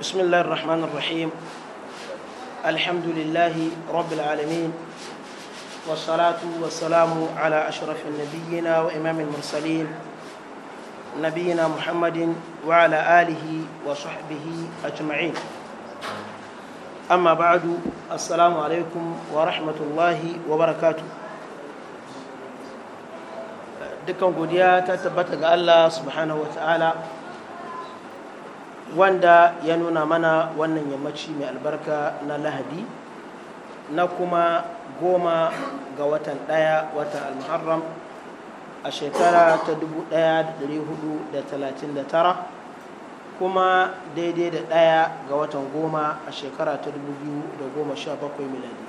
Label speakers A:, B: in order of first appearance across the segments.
A: بسم الله الرحمن الرحيم الحمد لله رب العالمين والصلاة والسلام على أشرف النبيين وإمام المرسلين نبينا محمد وعلى آله وصحبه أجمعين أما بعد السلام عليكم ورحمة الله وبركاته دكان قديا تتبتق الله سبحانه وتعالى wanda ya nuna mana wannan yammaci mai albarka na lahadi na kuma goma ga watan ɗaya watan almuharram a shekara ta 1439 kuma daidai da ɗaya ga watan goma a shekara ta 2017 miladi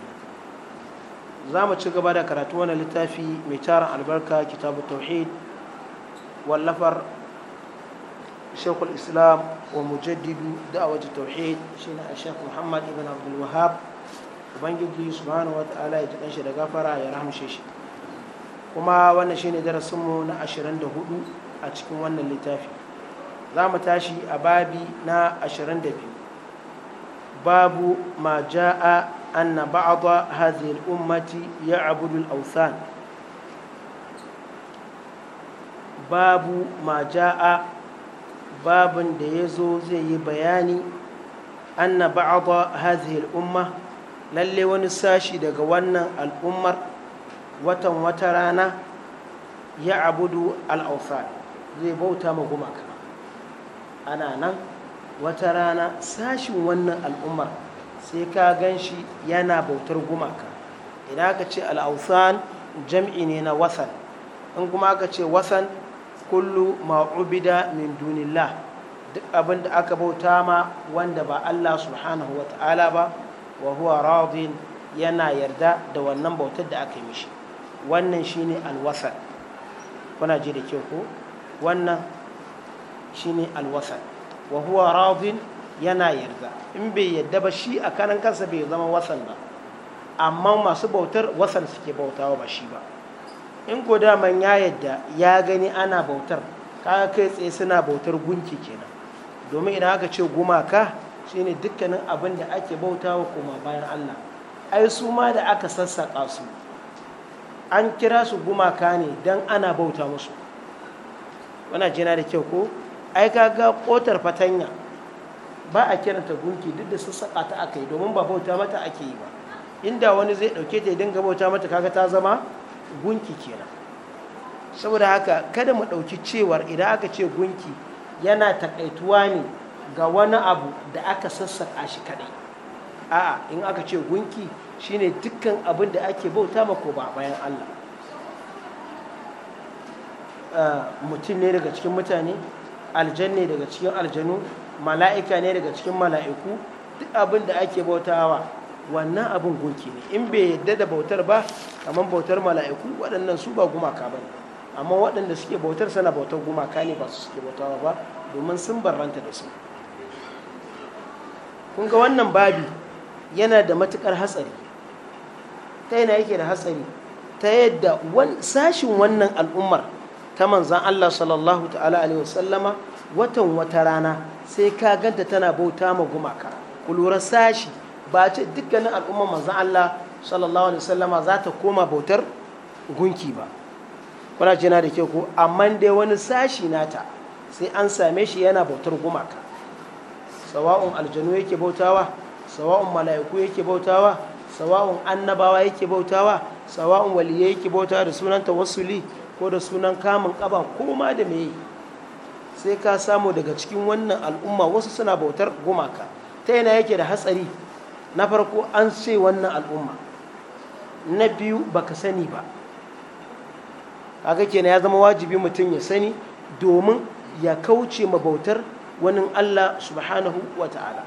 A: za mu ci gaba da karatu wani littafi mai tarin albarka kitabu tauhid wallafar shekul islam wa mujaddidu da'awar tauhid shi ne a shek muhammad ibn Abdulwahab, wahab ubangiji subhanahu wa ya ji kanshi da gafara ya rahamshe shi kuma wannan shine darasinmu na hudu a cikin wannan littafi za mu tashi a babi na 22 babu ma ja'a anna ba'da hadhihi al-ummati ya'budu al-awthan babu ma ja'a babin da ya zo zai yi bayani anna ba'adha hadhihi al'umma lalle wani sashi daga wannan al'ummar watan wata rana ya abudu al'ausa zai bauta ma gumaka ana nan wata rana sashin wannan al'ummar sai ka gan shi yana bautar gumaka idan aka ce al'ausan jam'i ne na wasan in kuma aka ce wasan kullu ma'ubida min dunillah duk abin da aka bauta ma wanda ba Allah subhanahu wa ta'ala ba wa huwa radin yana yarda da wannan bautar da aka yi mishi wannan shine alwasat kuna ji da ke ko wannan shine alwasat wa huwa radin yana yarda in bai yarda ba shi a kanan kansa bai zama wasan ba amma masu bautar wasan suke bautawa ba shi ba in ko daman ya yadda ya gani ana bautar kaga kai tsaye suna bautar gunki kenan domin idan aka ce gumaka shine dukkanin abin da ake bautawa koma bayan Allah ai su ma da aka sassaƙa su an kira su gumaka ne don ana bauta musu wana jina da kyau ko ai kaga kotar fatanya ba a kiranta gunki duk da sassaƙa ta aka yi domin ba bauta mata ake yi ba inda wani zai ɗauke ta ya dinga bauta mata kaga ta zama gunki kenan saboda haka kada mu ɗauki cewar idan aka ce gunki yana takaituwa ne ga wani abu da aka sassaƙa shi kaɗai a'a in aka ce gunki shine dukkan abin da ake bauta mako ba bayan Allah ah, mutum ne daga cikin mutane aljan ne daga cikin aljanu mala'ika ne daga cikin mala'iku duk abin da ake bautawa wannan abin gunki ne in bai yadda da bautar ba kamar bautar mala'iku waɗannan su ba gumaka ba ne amma waɗanda suke bautar sana bautar gumaka ne ba su suke bautawa ba domin sun barranta da su kun ga wannan babi yana da matuƙar hatsari ta yana yake da hatsari ta yadda sashin wannan al'ummar ta manzan Allah sallallahu watan wata rana sai ka ganta tana bauta ma gumaka ku sashi ba ce dukkanin al'ummar manzan Allah sallallahu alaihi wasallama za ta koma bautar gunki ba kuna ce na da ke ko amma dai wani sashi nata sai an same shi yana bautar gumaka sawa'un aljanu yake bautawa sawa'un mala'iku yake bautawa sawa'un annabawa yake bautawa sawa'un waliyya yake bautawa da sunan tawassuli ko da sunan kamun kaba ko ma da meye sai ka samu daga cikin wannan al'umma wasu suna bautar gumaka ta yana yake da hatsari na farko an ce wannan al'umma na biyu baka sani ba kaga kenan ya zama wajibi mutum ya sani domin ya kauce mabautar wani Allah subhanahu wa ta'ala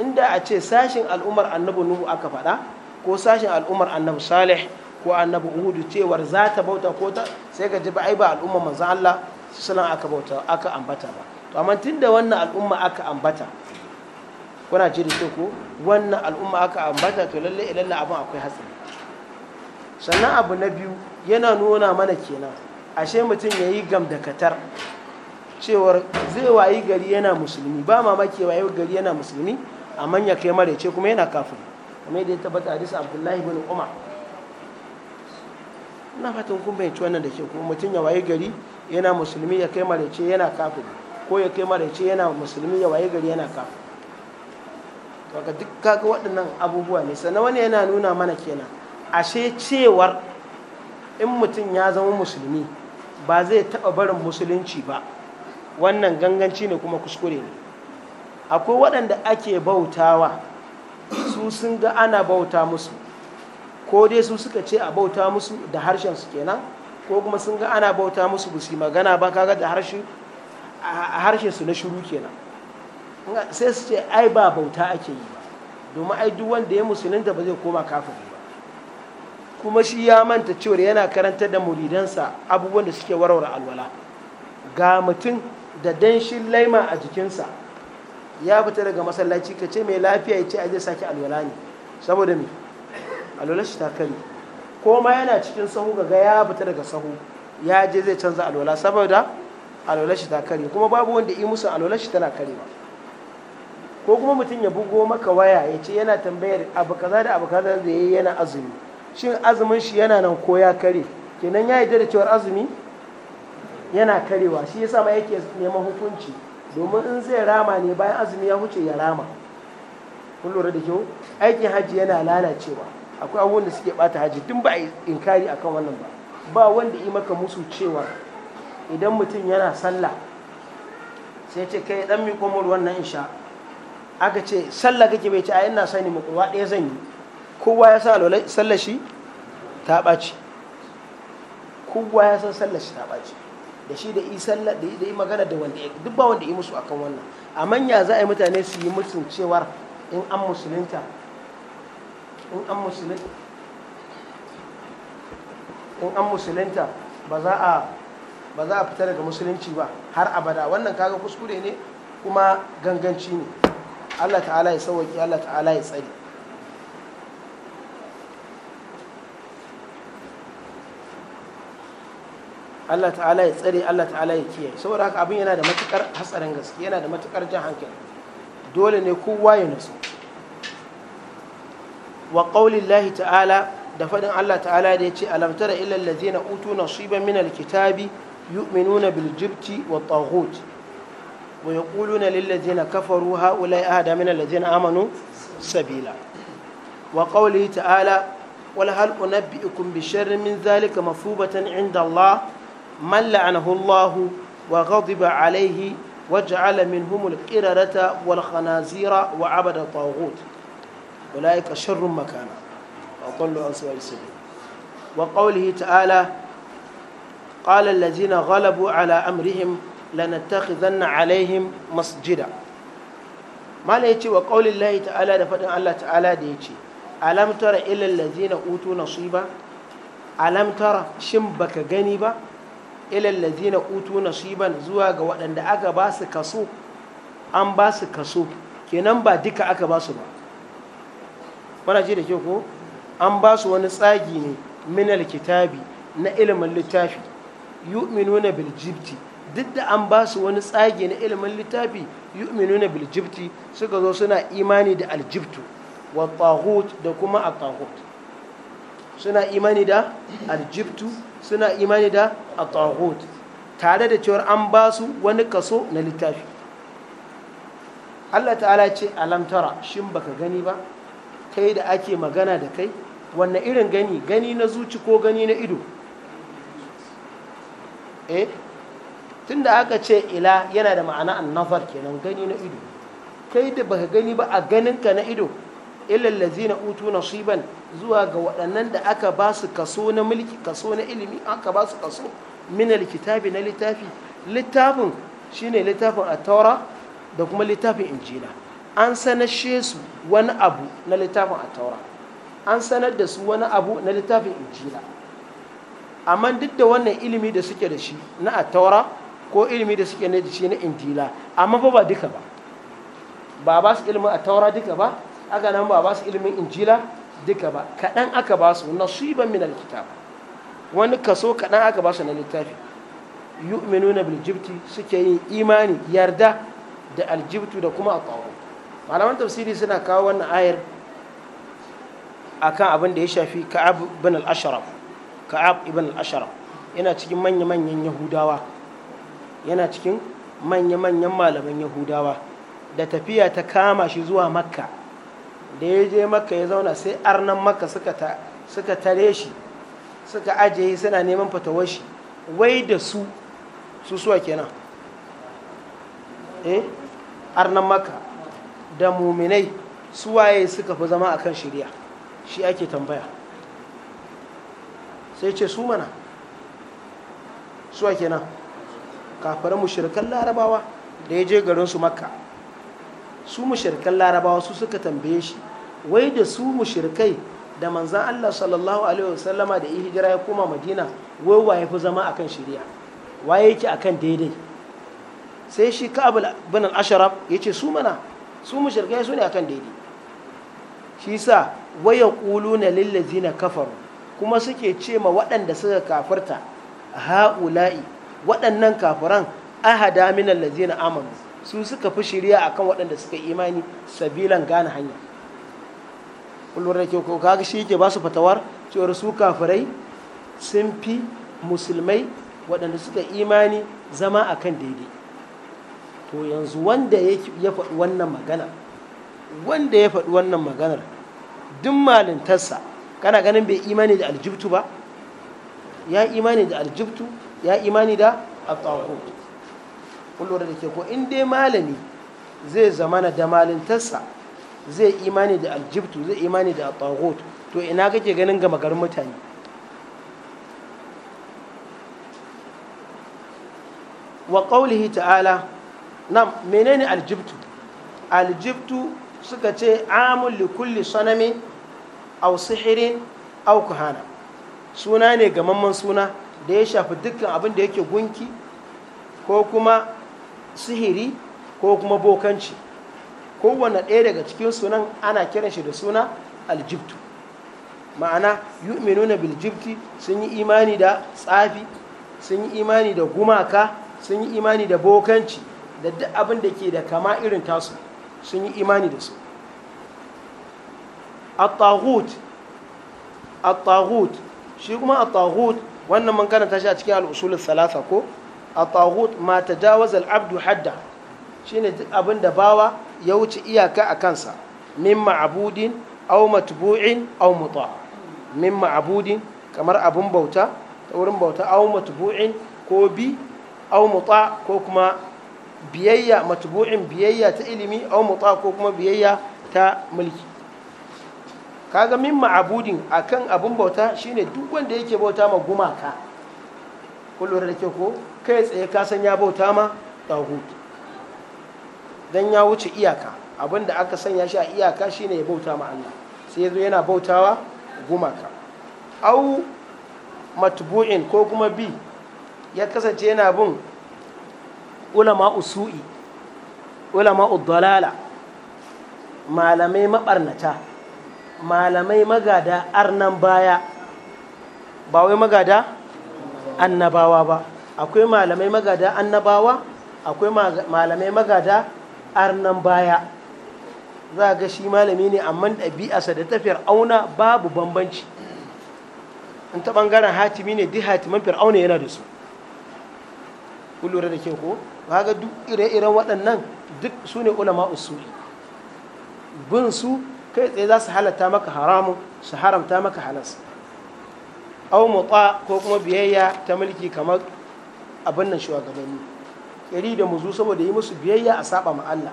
A: inda a ce sashin al'ummar annabi nuhu aka faɗa ko sashin al'ummar annabi salih ko annabi uhudu cewar za ta bauta ko ta sai ka ji ba ai ba al'umma manzan Allah sallan aka bauta aka ambata ba to amma tunda wannan al'umma aka ambata kuna ji da ke ko wannan al'umma aka ambata to lalle ilalla abin akwai hatsari sannan abu na biyu yana nuna mana kenan ashe mutum ya yi gamdakatar cewar zai wayi gari yana musulmi ba mamaki wayi gari yana musulmi amma ya kai mara ce kuma yana kafin kuma yadda ya tabbata hadisi abdullahi bin umar ina fatan kun bayyanci wannan da ke kuma mutum ya wayi gari yana musulmi ya kai mara ce yana kafin ko ya kai mara ce yana musulmi ya wayi gari yana kafin baka duk kaga waɗannan abubuwa ne sannan wani yana nuna mana kenan ashe cewar in mutum ya zama musulmi ba zai taɓa barin musulunci ba wannan ganganci ne kuma kuskure ne akwai waɗanda ake bautawa su sun ga ana bauta musu ko dai su suka ce a bauta musu da harshen su kenan ko kuma sun ga ana bauta musu ba su magana ba kaga da harshe su na shuru kenan sai su ce ai ba bauta ake yi ba domin ai duk wanda ya musulunta ba zai koma kafin ba kuma shi ya manta cewar yana karantar da muridansa abubuwan da suke warware alwala ga mutum da danshin laima a jikinsa ya fita daga masallaci ka ce mai lafiya ya ce a zai sake alwala ne saboda me alwala shi ta kari ko yana cikin sahu ga ya fita daga sahu ya je zai canza alwala saboda alwala shi ta kari kuma babu wanda yi musu alwala shi tana karewa ko kuma mutum ya bugo maka waya ya ce yana tambayar abu kaza da abu kaza da yi yana azumi shin azumin shi yana nan ko ya kare kenan ya yi da cewar azumi yana karewa shi yasa ma yake neman hukunci domin in zai rama ne bayan azumi ya huce ya rama kun da kyau aikin hajji yana lalacewa akwai abubuwan da suke bata hajji tun ba a inkari akan wannan ba ba wanda yi maka musu cewa idan mutum yana sallah sai ce kai dan miƙo wannan insha aka ce sallah kake bai ce a ina sani mu kurwa ɗaya zan yi kowa ya san alwala sallar shi ta ɓaci kowa ya san sallar shi ta ɓaci da shi da yi sallah da yi magana da wanda ya duk ba wanda yi musu akan wannan amma ya za a yi mutane su yi mutum cewar in an musulunta in an musulunta in an musulunta ba za a ba za a fita daga musulunci ba har abada wannan kaga kuskure ne kuma ganganci ne Allah ta'ala ya sauwaƙi Allah ta'ala ya tsari Allah ta'ala ya tsare Allah ta'ala ya kiyaye saboda haka abin yana da matukar hatsarin gaske yana da matukar jan hankali dole ne kowa ya nasu wa qaulillahi ta'ala da fadin Allah ta'ala da yace alam tara illal ladzina utu nasiban min alkitabi yu'minuna bil jibti wa taghut wa na lil ladzina kafaru haula'i ahada min alladzina amanu sabila wa qawlihi ta'ala wal hal unabbi'ukum bi sharrin min zalika mafubatan 'inda Allah man la'anahu wa ghadiba 'alayhi وجعل منهم القردة والخنازير وعبد الطاغوت أولئك شر مكانا وأضلوا عن سواء السبيل وقوله تعالى قال الذين غلبوا على أمرهم lanattakhizanna alaihim masjida mala yace wa qaulillahi ta'ala da fadin Allah ta'ala da yace alam tara ilal ladzina utu nasiba alam tara shin baka gani ba ilal utu nasiban zuwa ga waɗanda aka ba su kaso an ba su kaso kenan ba duka aka ba su ba wana ji da ke ko an ba su wani tsagi ne minal kitabi na ilimin littafi yu'minuna bil jibti duk da an ba su wani tsage na ilimin littafi yu'minuna na jibti suka zo suna imani da aljibtu wa tahut da kuma a tahut suna imani da aljibtu suna imani da a tahut tare da cewar an ba su wani kaso na littafi Allah ta'ala ce alamtara shin baka gani ba kai da ake magana da kai wanne irin gani gani na zuci ko gani na ido eh? tunda aka ce ila yana da ma'ana annazar kenan gani na ido kai da baka gani ba a ganin ka na ido ilal ladzina utu nasiban zuwa ga waɗannan da aka ba su kaso na mulki kaso na ilimi aka ba su kaso min alkitabi na littafi littafin shine littafin at-taura da kuma littafin injila an sanashe su wani abu na littafin at-taura an sanar da su wani abu na littafin injila amma duk da wannan ilimi da suke da shi na at-taura ko ilimi da suke ne da shi na intila amma fa ba duka ba ba ba su ilimin a taura duka ba aka nan ba ba su ilimin injila duka ba kaɗan aka ba su nasiban min alkitab wani kaso kaɗan aka ba su na littafi yu'minuna bil jibti suke yin imani yarda da aljibtu da kuma atawu malaman tafsiri suna kawo wannan ayar akan abin da ya shafi ka'ab ibn al-ashraf ka'ab ibn al-ashraf yana cikin manya-manyan yahudawa yana cikin manya-manyan malaman yahudawa da tafiya ta kama shi zuwa makka da ya je makka ya zauna sai arnan makka suka tare shi suka ajiye suna neman fatawar wai da su su suwa kenan eh arnan makka da muminai suwaye suka fi zama akan shirya shi ake tambaya sai ce su mana suwa kenan kafirin mushrikan larabawa da ya je garin su makka su mushrikan larabawa su suka tambaye shi wai da su mushrikai da manzan Allah sallallahu alaihi wasallama da yi hijira ya koma madina wai wa ya fi zama akan shari'a waye yake akan daidai sai shi ka'ab bin al ya yace su mana su mushrikai su ne akan daidai shi sa kulu na lil ladzina kafaru kuma suke ce ma waɗanda suka kafarta ha'ula'i waɗannan kafuran ahada min allazina amanu su suka fi shirya akan waɗanda suka imani sabilan gane hanya kullum da ke koka kaga shi ke ba su fatawar cewar su kafirai sun fi musulmai waɗanda suka imani zama akan daidai to yanzu wanda ya faɗi wannan magana wanda ya faɗi wannan maganar duk malintarsa kana ganin bai imani da aljibtu ba ya imani da aljibtu ya imani da at-taghut da ke ko in dai malami zai zamana da malintarsa zai imani da aljibtu zai imani da at to ina kake ganin gama garin mutane wa qawlihi ta'ala nam menene aljibtu aljibtu suka ce amul li kulli sanamin aw sihirin aw kuhana suna ne gamamman suna da ya shafi dukkan abin da yake gunki ko kuma sihiri ko kuma bokanci kowane ɗaya daga cikin sunan ana kiran shi da suna aljibtu ma'ana yu'minuna nuna biljibti sun yi imani da tsafi sun yi imani da gumaka sun yi imani da bokanci da duk abin da ke da kama irin tasu sun yi imani da su a tahut shi kuma a wannan mun karanta shi a cikin al'usulul salasa ko a taghut ma tajawazal abdu hadda shine duk abin da bawa ya wuce iyaka a kansa min ma'abudin au matbu'in au muta min ma'abudin kamar abin bauta ta wurin bauta au matbu'in ko bi au muta ko kuma biyayya matbu'in biyayya ta ilimi au muta ko kuma biyayya ta mulki kaga min ma'abudin a kan abin bauta shine duk wanda yake bauta ma gumaka kullum da ke ko kai tsaye ka san ya bauta ma tagut dan ya wuce iyaka abin da aka sanya shi a iyaka shine ya bauta ma Allah sai yazo yana bautawa gumaka au matbu'in ko kuma bi ya kasance yana bin ulama usu'i ulama dalala malamai mabarnata malamai magada arnan baya ba wai magada annabawa ba akwai malamai magada annabawa akwai malamai magada arnan baya za ga shi malami ne amma ɗabi'arsa da ta fir'auna babu bambanci in ta ɓangaren hatimi ne duk hatiman fir'auna yana da su ku da ke ko ba ga duk ire-iren waɗannan duk su ne ulama usuli bin su kai tsaye za su halatta maka haramun su haramta maka halas au mutsa ko kuma biyayya ta mulki kamar abin nan shugabanni kiri da muzu saboda yi musu biyayya a saba ma Allah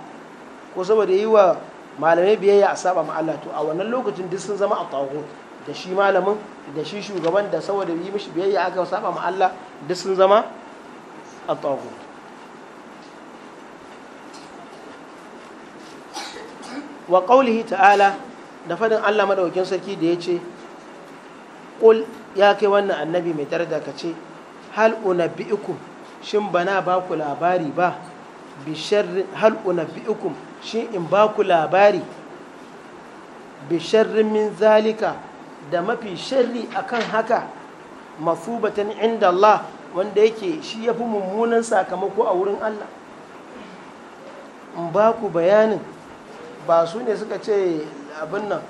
A: ko saboda yi wa malamai biyayya a saba ma Allah to a wannan lokacin duk sun zama a tsaho da shi malamin da shi shugaban da saboda yi mishi biyayya aka saba ma Allah duk sun zama a tsaho. wa ƙaulihi ta'ala da faɗin Allah maɗaukin sarki da ya ce ƙul ya kai wannan annabi mai daraja ce hal unabbiukum shin bana ba ku labari ba bi sharrin hal unabbiukum shin in ba ku labari bi sharrin zalika da mafi sharri akan haka masubatan inda Allah wanda yake shi ya fi mummunan sakamako a wurin Allah in ba ku bayanin ba su ne suka ce abin nan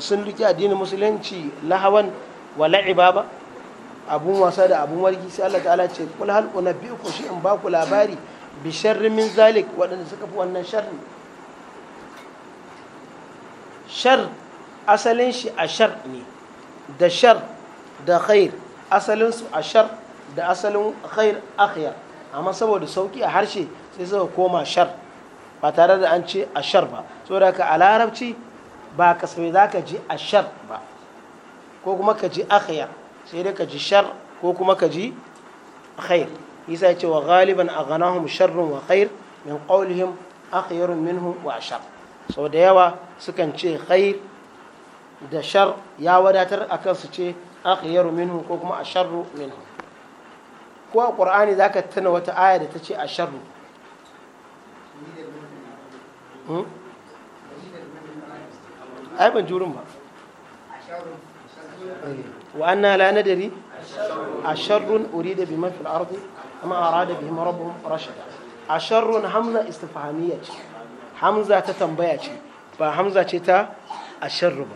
A: sun riƙe addinin musulunci lahawan wa la'iba ba abun wasa da abun wargi sai Allah ta'ala ce kul hal unabbiukum shi in baku labari bi sharri min zalik waɗanda suka fi wannan sharri shar asalin shi a shar ne da shar da khair asalin su a shar da asalin khair akhyar amma saboda sauki a harshe sai suka koma shar ba tare da an ce ashar ba saboda ka a larabci ba kasafai za ka ji ashar ba ko kuma ka ji akhiyar sai dai ka ji shar ko kuma ka ji khair isa ya ce wa galiban a ganahum sharrun wa khair min qawlihim akhyarun minhum wa ashar sau da yawa sukan ce khair da shar ya wadatar a kansu ce akhyaru minhu ko kuma asharru minhu ko a qur'ani zaka tuna wata aya da ta ce asharru أي من جورم ما وأنا لا ندري أشر أريد بما في الأرض أما أراد بهم ربهم رشدا أشر همزة استفهامية همزة تتنبية فهمزة تتا أشر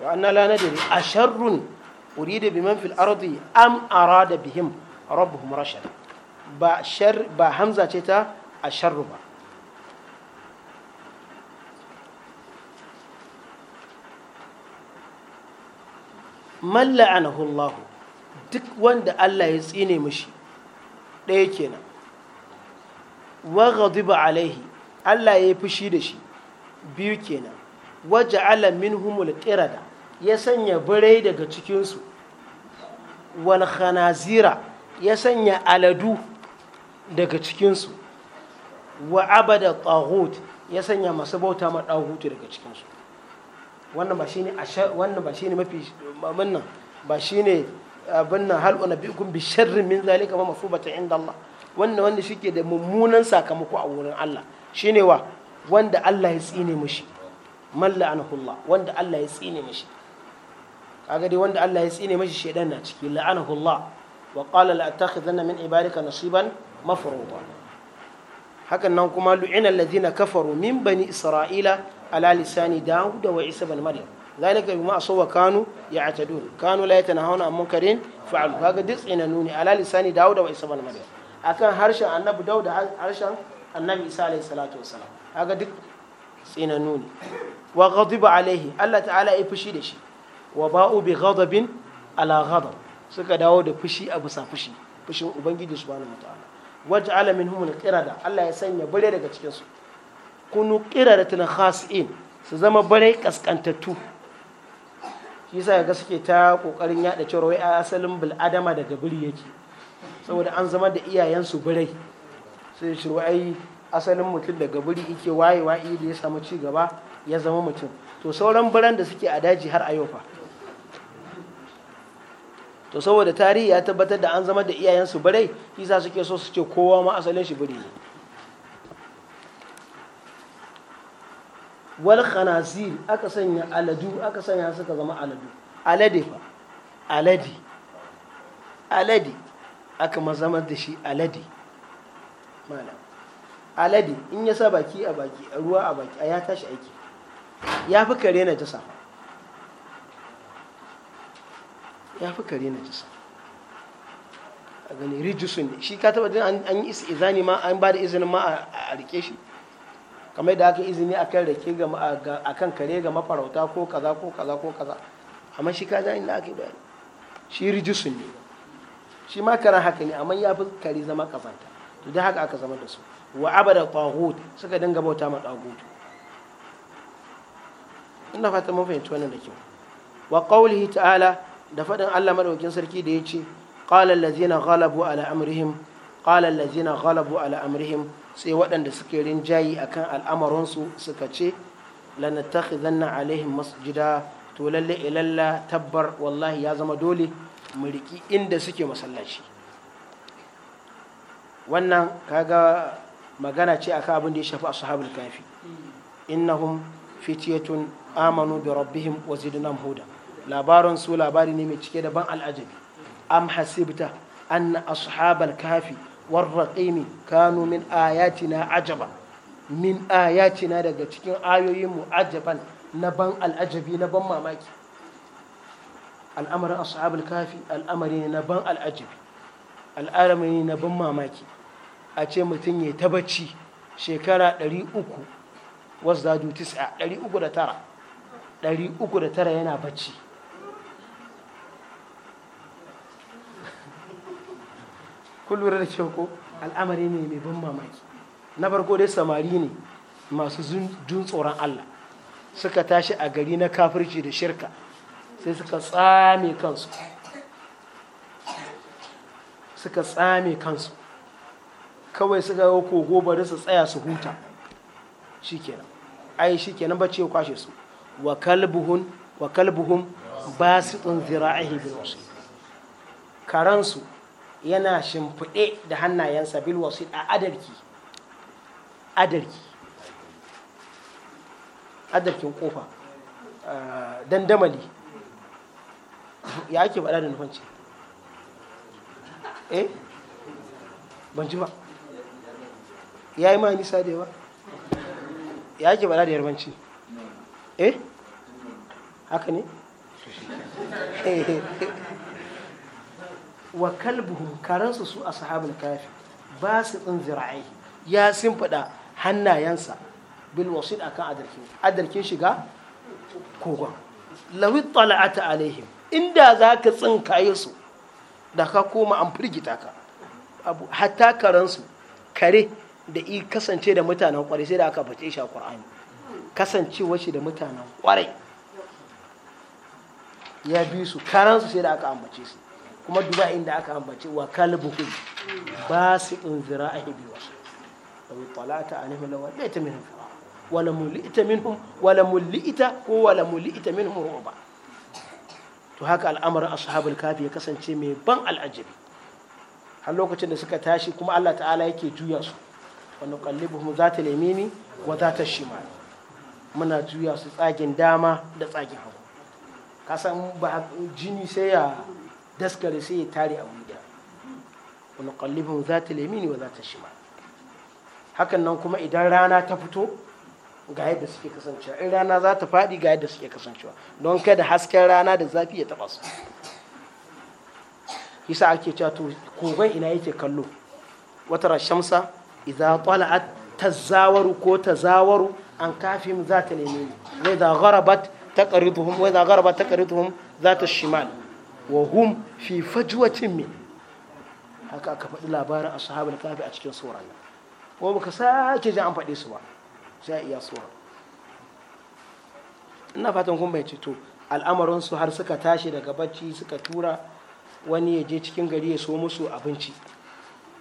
A: وأنا لا ندري أشر أريد بمن في الأرض أم أراد بهم ربهم رشدا بشر بهمزة تتا a sharru ba malla'anahu hullahu duk wanda Allah ya tsine mushi ɗaya kenan wa ba alaihi Allah ya yi fushi da shi biyu kenan waje ala humul qirada ya sanya birai daga cikinsu wal khanazira ya sanya aladu daga cikinsu wa abada taghut ya sanya masu bauta ma dagutu daga cikin su wannan ba shine wannan ba shine mafi munnan ba shine abin nan hal unabikum bi sharrin min zalika ma masubata inda Allah wannan wanda shike da mummunan sakamako a wurin Allah shine wa wanda Allah ya tsine mishi man la'anahu Allah wanda Allah ya tsine mishi kaga dai wanda Allah ya tsine mishi shedan na ciki la'anahu Allah wa qala la attakhidhanna min ibadika nasiban mafruḍa hakan nan kuma lu'ina allazina kafaru min bani isra'ila ala lisani da wa isa ibn maryam zalika bima asawa kanu ya'tadun kanu la yatanahuna an munkarin fa'alu kaga duk tsinanu ne ala lisani dawud wa isa ibn maryam akan harshen annabi dawud harshen annabi isa alayhi salatu wasalam kaga duk tsinanu ne wa ghadiba alaihi Allah ta'ala ya fushi da shi wa ba'u bi ghadabin ala ghadab suka dawo da fushi a bisa fushi fushin ubangiji subhanahu wa ta'ala waj'ala alamin al kirada, Allah ya sanya bare daga cikin su kunu qiradatul in su zama bare kaskantattu shi yasa ga suke ta kokarin yada cewa wai asalin bil'adama daga biri yake saboda an zama da iyayen su bare sai shi asalin mutum daga biri yake wayewa da ya samu ci gaba ya zama mutum to sauran biran da suke a daji har a yau fa to saboda tarihi ya tabbatar da an zama da iyayensu barai isa suke so su ce kowa ma asalin shi bari ne wal khanazir aka sanya aladu aka sanya suka zama aladu alade fa aladi aladi aka mazama da shi aladi malam aladi in ya sa baki a baki a ruwa a baki a ya tashi aiki ya fi kare na ta ya fi kare na jisa a gani rijisun ne shi ka taba jin an yi isi izani ma an ba da izinin ma a rike shi kamar da aka izini a kan rake a kan kare ga mafarauta ko kaza ko kaza ko kaza amma shi ka jani da aka yi bayani shi rijisun ne shi ma kara haka ne amma ya fi kare zama kazanta to da haka aka zama da su wa abada taghut suka dinga bauta ma taghut ina fata mun fahimci wannan da kyau wa qawlihi ta'ala da faɗin Allah maɗaukin sarki da ya ce qala allazina ghalabu ala amrihim qala allazina ghalabu ala amrihim sai waɗanda suke rinjayi akan al'amaransu suka ce lanattakhizanna alaihim masjida to lalle ilalla eh, tabbar wallahi ya zama dole mu riki inda suke masallaci wannan kaga magana ce akan abin da ya shafi ashabul kafi innahum fitiyatun amanu bi rabbihim wa zidnahum huda labarin su labari ne mai cike da ban al'ajabi am hasibta anna ashabal kafi war raqimi kanu min ayatina ajaba min ayatina daga cikin ayoyin mu ajaban na ban al'ajabi na ban mamaki al'amarin ashabul kafi al'amari ne na ban al'ajabi al'amari ne na ban mamaki a ce mutum ya ta bacci shekara 300 wasdadu 9 309 309 yana bacci kun lura da cewa ko al'amari ne mai ban mamaki na farko dai samari ne masu jin tsoron Allah suka tashi a gari na kafirci da shirka sai suka tsame kansu suka tsame kansu kawai suka yi kogo bari su tsaya su huta shikenan ai shikenan bacci ya kwashe su wa kalbuhun wa kalbuhun basitun zira'ihi bil wasu karansu yana shimfiɗe da hannayensa bil a adarki adarki adarkin kofa eh, dandamali ya ake faɗa da nufanci eh ban ji ba ya yi ma nisa da yawa ya ake faɗa da yarbanci eh haka ne wa kalbuhum karansu su ashabul kafi ba su tsin zira'ai ya sun fada hannayensa bil wasid akan adarkin adarkin shiga kogon lawi tala'ata alaihim inda za ka tsinkaye su da ka koma an firgita ka abu hatta karansu kare da i kasance da mutanen kwarai sai da aka bace shi a qur'ani kasancewa shi da mutanen kwarai ya bi su karansu sai da aka ambace su kuma duba inda aka ambace wa kalbuhum buhu zira'ihi bi wasu law talata alaihim law la'ita minhum wala mulita minhum wala mulita ko wala mulita minhum ruba to haka al'amarin ashabul kafi ya kasance mai ban al'ajabi har lokacin da suka tashi kuma Allah ta'ala yake juya su wa nuqallibuhum zata yamini wa zata shimal muna juya su tsagin dama da tsagen hagu kasan ba jini sai ya daskare sai ya tare a wani wa nuqallibuhum zata al-yamin wa za ta shima hakan nan kuma idan rana ta fito ga yadda suke kasancewa in rana za ta faɗi ga yadda suke kasancewa don kada hasken rana da zafi ya taɓa su yasa ake cewa to kogon ina yake kallo wata shamsa idza tala'at tazawaru ko tazawaru an kafin za ta nemi ne da gharabat taqriduhum wa idza gharabat taqriduhum za ta shimal wa hum fi fajwatin min haka aka faɗi labarin da kafi a cikin suran nan ko baka sake ji an faɗe su ba sai iya suran ina fatan kun bai to al'amarin su har suka tashi daga bacci suka tura wani ya je cikin gari ya so musu abinci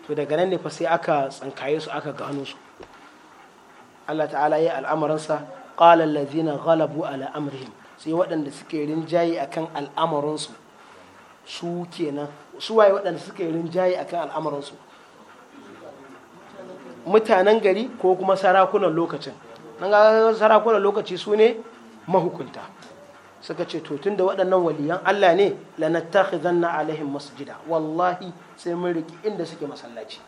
A: to daga nan ne fa sai aka tsankaye su aka gano su Allah ta'ala ya al'amarinsa qala allazina ghalabu ala amrihim sai waɗanda suke rinjaye akan su. su kenan su waye waɗanda suka yi rinjaye akan al'amuransu mutanen gari ko kuma sarakunan lokacin nan ga sarakunan lokaci su ne mahukunta suka ce to da waɗannan waliyan Allah ne lanattakhizanna masu masjida wallahi sai mun riki inda suke masallaci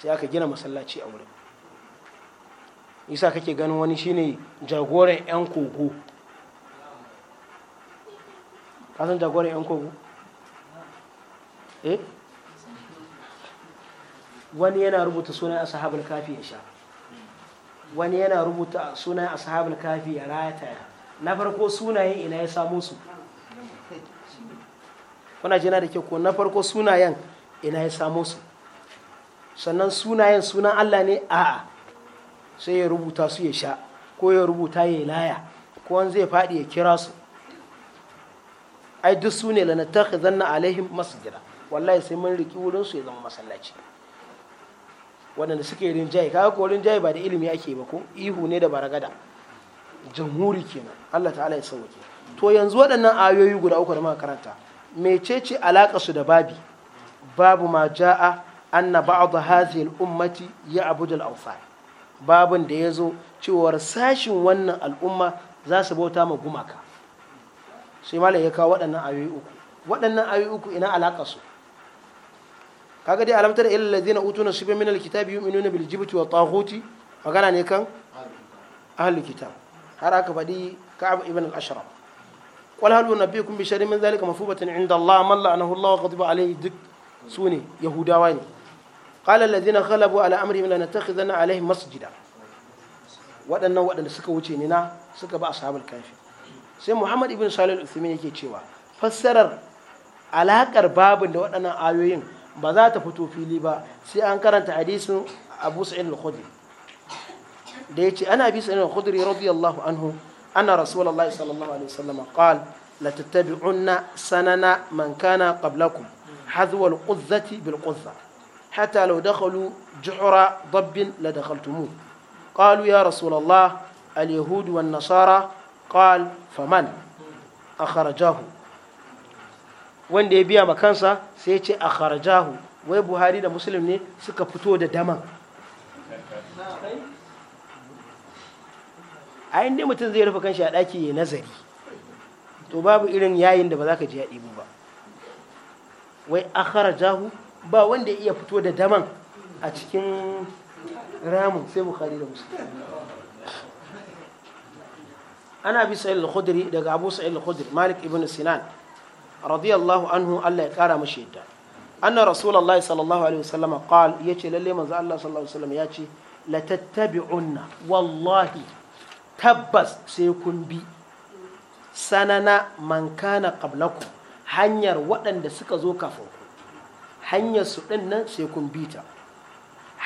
A: sai aka gina masallaci a wurin isa kake ganin wani shine jagoran yan kogo kasan jagorin yan kogu eh wani yana rubuta sunan ashabul kafi ya sha wani yana rubuta sunan ashabul kafi ya rataya na farko sunayen ina ya samu su kuna jina da ke ko na farko sunayen ina ya samu su sannan sunayen sunan Allah ne a'a sai ya rubuta su ya sha ko ya rubuta ya laya ko wani zai faɗi ya kira su ai duk su ne lanattakhizanna alaihim gida. wallahi sai mun riki wurin su ya zama masallaci waɗanda suke rinjaye kaga ko rinjaye ba da ilimi ake ba ko ihu ne da baragada jamhuri kenan Allah ta'ala ya sauke to yanzu waɗannan ayoyi guda uku da muka karanta mecece alaka su da babi babu ma ja'a anna ba'd hadhihi al-ummati ya'budu al-awthan babun da yazo cewar sashin wannan al'umma za su bauta ma gumaka sai malam ya kawo waɗannan ayoyi uku waɗannan ayoyi uku ina alaƙa su kaga dai alamtar ilal ladina utuna sibe min alkitabi yu'minuna bil jibti wa taghuti magana ne kan ahlul kitab har aka faɗi ka'ab ibn al-ashraf qul hal unabbiukum bi sharrin min zalika mafubatan 'inda Allah man la'anahu Allah wa ghadiba alayhi duk sune yahudawa ne qala alladhina ghalabu ala amri amrihim lanattakhidanna alaihim masjida waɗannan waɗanda suka wuce ne na suka ba ashabul kafi sai muhammad ibn salih al-uthmin yake cewa fassarar alakar babin da waɗannan ayoyin ba za ta fito fili ba sai an karanta hadisin abu sa'id al-khudri da yace ana abi sa'id al-khudri radiyallahu anhu anna rasulullahi sallallahu alaihi wasallam qal la tattabi'unna sanana man kana qablakum hadwa al-quzzati bil quzza hatta law dakhalu juhra dabbin la dakhaltumuh qalu ya rasulullah al-yahud wan nasara قال فمن أخرجه wanda ya biya ma kansa sai ya ce a kharajahu wai buhari da muslim ne suka fito da dama a inda mutum zai rufe kanshi a ɗaki ya nazari to babu irin yayin da ba za ka ji ya ɗibu ba wai a kharajahu ba wanda ya iya fito da daman a cikin ramin sai buhari da muslim ana bi sa'il al-khudri daga abu sa'il al-khudri malik ibn sinan radiyallahu anhu Allah ya kara mashi yadda anna rasulullahi sallallahu alaihi wasallam qal yace lalle manzo Allah sallallahu alaihi wasallam yace la tattabi'unna wallahi tabbas sai kun bi sanana man kana qablakum hanyar waɗanda suka zo kafin ku hanyar su din sai kun bi ta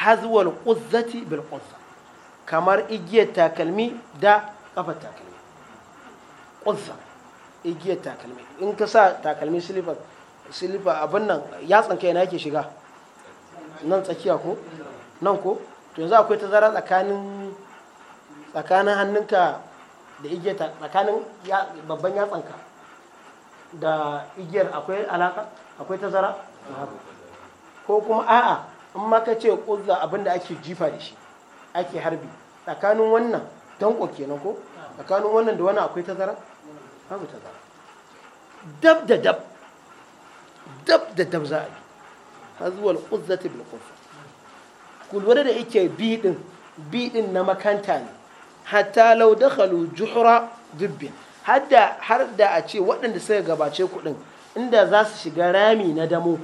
A: hazwal quzzati bil quzza kamar igiyar takalmi da kafar takalmi uzza igiyar takalmi in ka sa takalmi silifar silifa abin nan yatsan yana yake shiga nan tsakiya ko nan ko to yanzu akwai tazara tsakanin tsakanin hannunka da igiyar tsakanin babban yatsanka da igiyar akwai alaka akwai tazara ko kuma a'a in ma ka ce ƙuzza abin da ake jifa da shi ake harbi tsakanin wannan danko kenan ko tsakanin wannan da wani akwai tazara babu ta dab da dab dab da dab za a yi har zuwa al'uzzati bil qurfa ku lura da yake bi din bi din na makanta ne hatta law dakhalu juhra dubbin hadda har da a ce waɗanda suka gabace kuɗin inda za su shiga rami na damo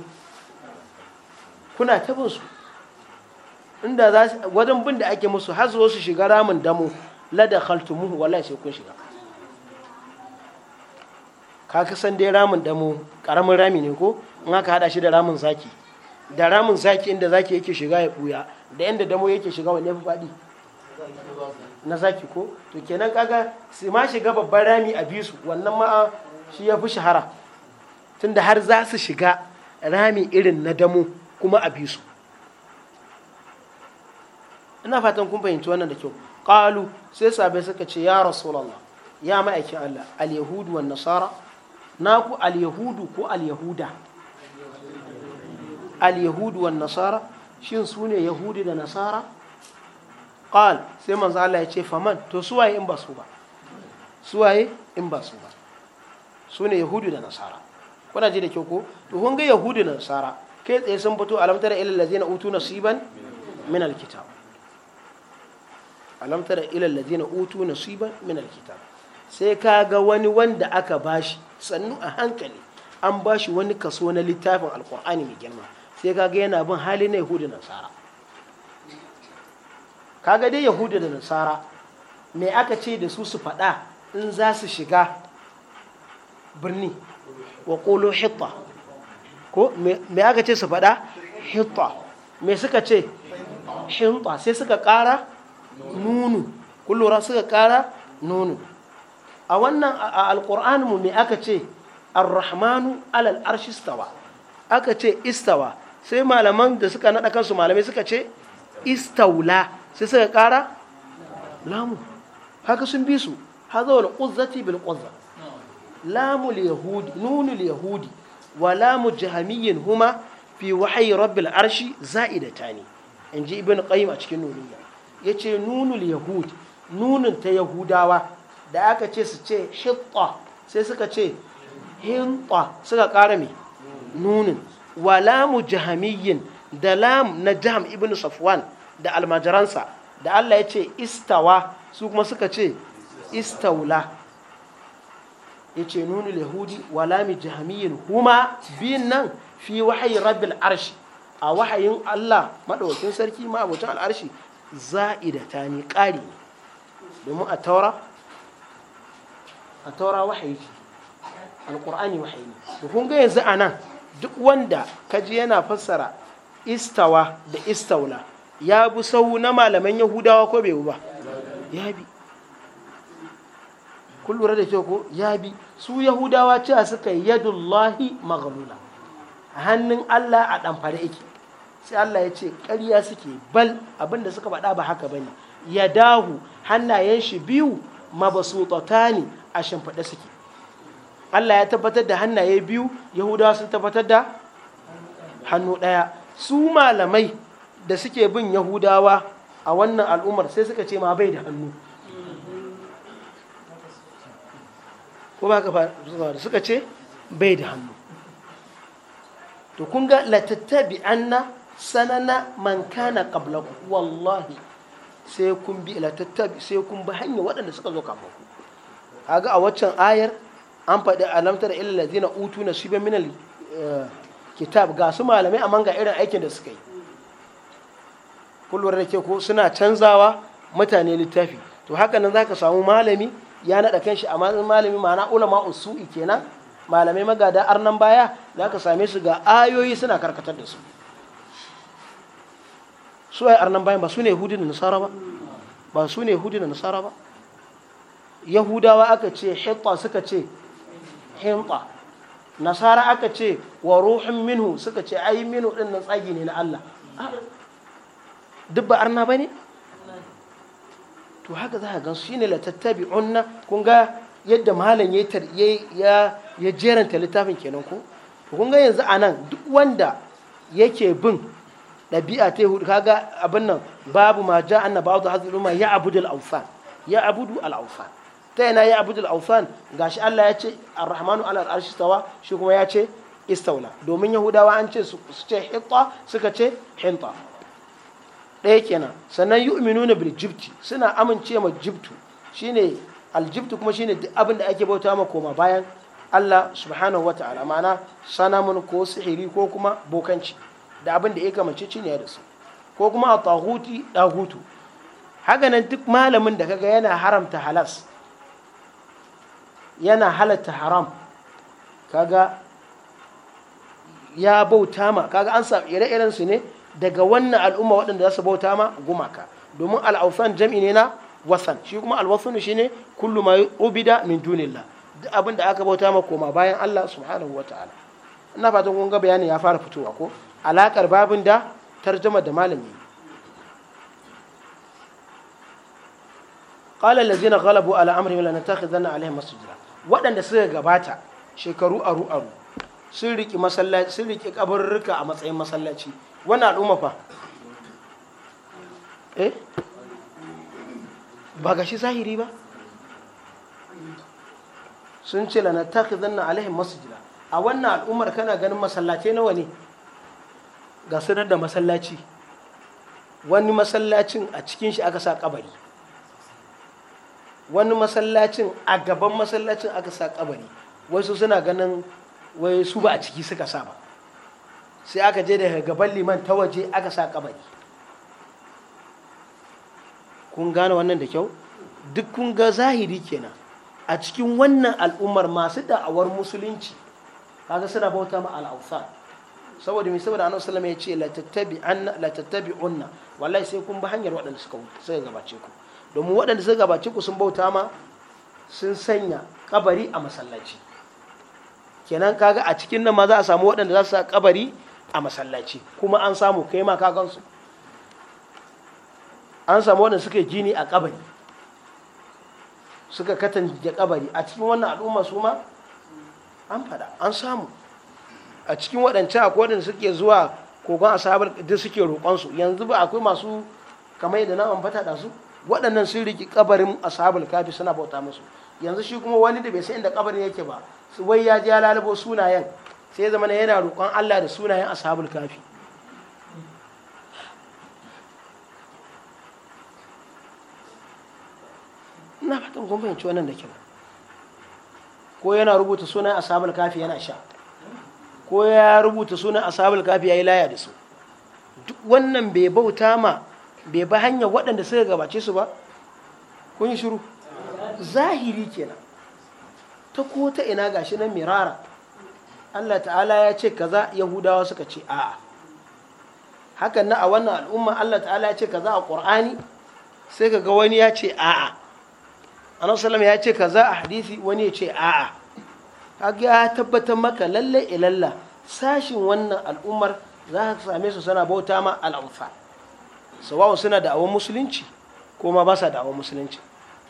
A: kuna tabin su inda za wajen bin da ake musu har su shiga ramin damo la dakhaltumuhu wallahi sai kun shiga ka ka san dai ramin damo karamin rami ne ko in aka hada shi da ramin zaki da ramin zaki inda zaki yake shiga ya buya da inda damo yake shiga wanne fi faɗi na zaki ko to kenan kaga su ma shiga babban rami a bisu wannan ma shi ya fi shahara tunda har za su shiga rami irin na damo kuma a bisu ina fatan kun fahimci wannan da kyau qalu sai sabai suka ce ya rasulullah ya ma'aikin Allah al-yahud wan nasara naku al-yahudu ko al-yahuda al-yahudu wan nasara shin su ne yahudi da nasara qal sai manzo Allah ya ce faman to suwaye in ba su ba suwaye in ba su ba su ne yahudu da nasara kuna ji da kyau ko to kun ga yahudu da nasara kai tsaye sun fito alam tara ilal ladzina utu nasiban min alkitab alam tara ilal ladzina utu nasiban min alkitab sai ka ga wani wanda aka bashi sannu a hankali an bashi wani kaso na littafin alkur'ani mai girma sai ka ga yana bin hali na yahudu da nasara ga dai yahudu da nasara me aka ce da su su faɗa in za su shiga birni wa ƙolo hitta ko me aka ce su faɗa hitta me suka ce hitta sai suka ƙara nunu kullura suka ƙara nunu a wannan a alƙur'an mu me aka ce arrahmanu alal arshi stawa aka ce istawa sai malaman da suka naɗa kansu malamai suka ce istaula sai suka ƙara lamu haka sun bi su haza wal quzzati bil quzza lamu yahudi nunu yahudi wa lamu jahamiyyin huma fi wahyi rabbil arshi za'idatani inji ibn qayyim a cikin nuniyya yace nunul yahud nunun ta yahudawa da aka ce su ce hitta sai suka ce hinta suka ƙara mai nunin walamu jahamiyyin da lam na jaham ibn safwan da almajiransa da Allah ya ce istawa su kuma suka ce istaula ya ce nunin yahudi wa jahamiyyin huma biyun nan fi wahayi rabbil arshi a wahayin Allah maɗaukin sarki ma abocin al'arshi za'ida ni ƙari domin a taura a wahayi ce alƙur'ani wahayi ne kun ga yanzu anan? duk wanda kaji yana fassara istawa da istaula ya bi sau na malaman yahudawa ko bai ba ya bi kun lura da kyau ko ya bi su yahudawa cewa suka yadullahi maghlula hannun allah a dan fara yake sai allah ya ce ƙarya suke bal abinda suka faɗa ba haka bane ya dahu hannayen shi biyu mabasutatani a shimfiɗe suke Allah ya tabbatar da hannaye biyu yahudawa sun tabbatar da hannu ɗaya su malamai da suke bin yahudawa a wannan al'ummar sai suka ce ma bai da hannu ka faru suka ce bai da hannu to kun ga latattabi anna sanana mankana kana qablakum wallahi sai kun bi latattabi sai kun bi hanyar waɗanda suka zo kafin aga a waccan ayar an faɗi alamtar ilal ladina utu shiba minal eh, kitab ga su malamai amma ga irin aikin da suka yi kullum da ke ko suna canzawa mutane littafi to haka nan ka samu malami ya naɗa kanshi a malami ma'ana ulama usu'i kenan malamai magada arnan baya za ka same su ga ayoyi suna karkatar da su su ai arnan bayan ba su ne hudu da nasara ba ba su ne hudu da nasara ba yahudawa aka ce hitta suka ce hinta nasara aka ce wa ruhun minhu suka ce ai Minu din nan tsagi ne na Allah ah. duk ba arna bane to haka za ka gan shine la tattabi'unna kun ga yadda malam ya ya ya jeranta littafin kenan ko to kun ga yanzu anan duk wanda yake bin dabi'a ta hudu kaga abin nan babu ma ja'anna ba'd hadhihi umma ya abudul awfa ya abudu al awfa ta yana ya abudul ausan shi Allah ya ce ar-rahmanu ala arshi tawa shi kuma ya ce istaula domin yahudawa an ce su ce hitta suka ce hinta ɗaya kenan sannan yu'minuna bil jibti suna amince ma jibtu shine aljibtu kuma shine duk abin da ake bauta ma koma bayan Allah subhanahu wa ta'ala mana sanamun ko sihiri ko kuma bokanci da abin da ya kamace ne da su ko kuma a tahuti dahutu haka nan duk malamin da kaga yana haramta halas yana halatta haram kaga ya bauta ma kaga an samu ire-iren su ne daga wannan al'umma waɗanda za su bauta ma gumaka domin al'ausan jam'i ne na wasan shi kuma alwasan shi ne kullu ma ubida min dunillah duk abin da aka bauta ma koma bayan Allah subhanahu wa ta'ala ina fatan kun ga bayanin ya fara fitowa ko alakar babin da tarjuma da malami قال الذين غلبوا على أمرهم لنتخذن عليهم مسجدا waɗanda suka gabata shekaru aru aru sun riƙi masallaci sun riƙi kabarurruka a matsayin masallaci wani al'umma fa eh ba ga shi zahiri ba sun ce lana takhizanna alaihim masjida a wannan al'ummar kana ganin masallace nawa ne ga sanar da masallaci wani masallacin a cikin shi aka sa kabari wani masallacin a gaban masallacin aka sa kabari wasu suna ganin wai su ba a ciki suka sa ba sai aka je daga gaban liman ta waje aka sa kabari kun gane wannan da kyau duk kun ga zahiri kenan a cikin wannan al'ummar masu da'awar musulunci kaga suna bauta ma al'ausa saboda mai saboda annabi sallallahu ya ce la unna wallahi sai kun ba hanyar waɗanda suka gabace ku domin waɗanda suka gabace ku sun bauta ma sun sanya kabari a masallaci kenan kaga a cikin nan ma za a samu waɗanda za su sa kabari a masallaci kuma an samu kai ma kagan su an samu waɗanda suka gini a kabari suka katan da kabari a cikin wannan al'umma su ma an faɗa an samu a cikin waɗancan akwai waɗanda suke zuwa kogon asabar duk suke roƙonsu yanzu ba akwai masu kamar yadda na ambata da su waɗannan sun riki kabarin ashabul kafi suna bauta musu yanzu shi kuma wani da bai san inda kabarin yake ba wai ya je ya lalubo sunayen sai zama na yana roƙon Allah da sunayen ashabul kafi ina fatan kun fahimci wannan da kyau ko yana rubuta sunan ashabul kafi yana sha ko ya rubuta sunan ashabul kafi yayi laya da su duk wannan bai bauta ma bai bi hanyar waɗanda suka gabace su ba kun yi shiru zahiri kenan ta ko ta ina gashi na mirara Allah ta'ala ya ce kaza yahudawa suka ce a'a hakan na a wannan al'umma Allah ta'ala ya ce kaza a ƙur'ani sai ka ga wani ya ce a'a annabi sallallahu ya ce kaza a hadisi wani ya ce a'a kaga ya tabbatar maka lalle ilalla sashin wannan al'ummar za ka same su sana bauta ma al'amfani sawa'un suna da awon musulunci ko ma ba sa da awon musulunci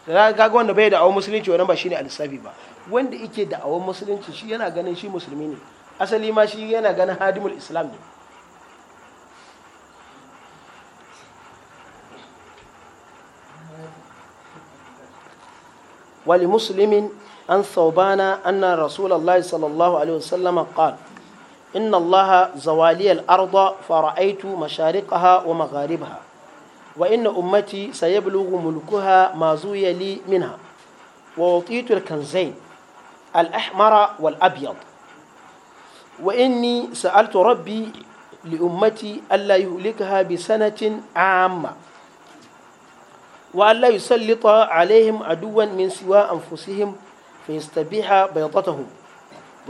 A: da za ga wanda bai da awon musulunci wannan ba shine alisabi ba wanda yake da awon musulunci shi yana ganin shi musulmi ne asali ma shi yana ganin hadimul islam ne wali عن an أن رسول الله صلى alaihi عليه وسلم قال إن الله زوالي الأرض فرأيت مشارقها ومغاربها وإن أمتي سيبلغ ملكها ما زوي لي منها ووطيت الكنزين الأحمر والأبيض وإني سألت ربي لأمتي ألا يهلكها بسنة عامة وألا يسلط عليهم عدوا من سوى أنفسهم فيستبيح بيضتهم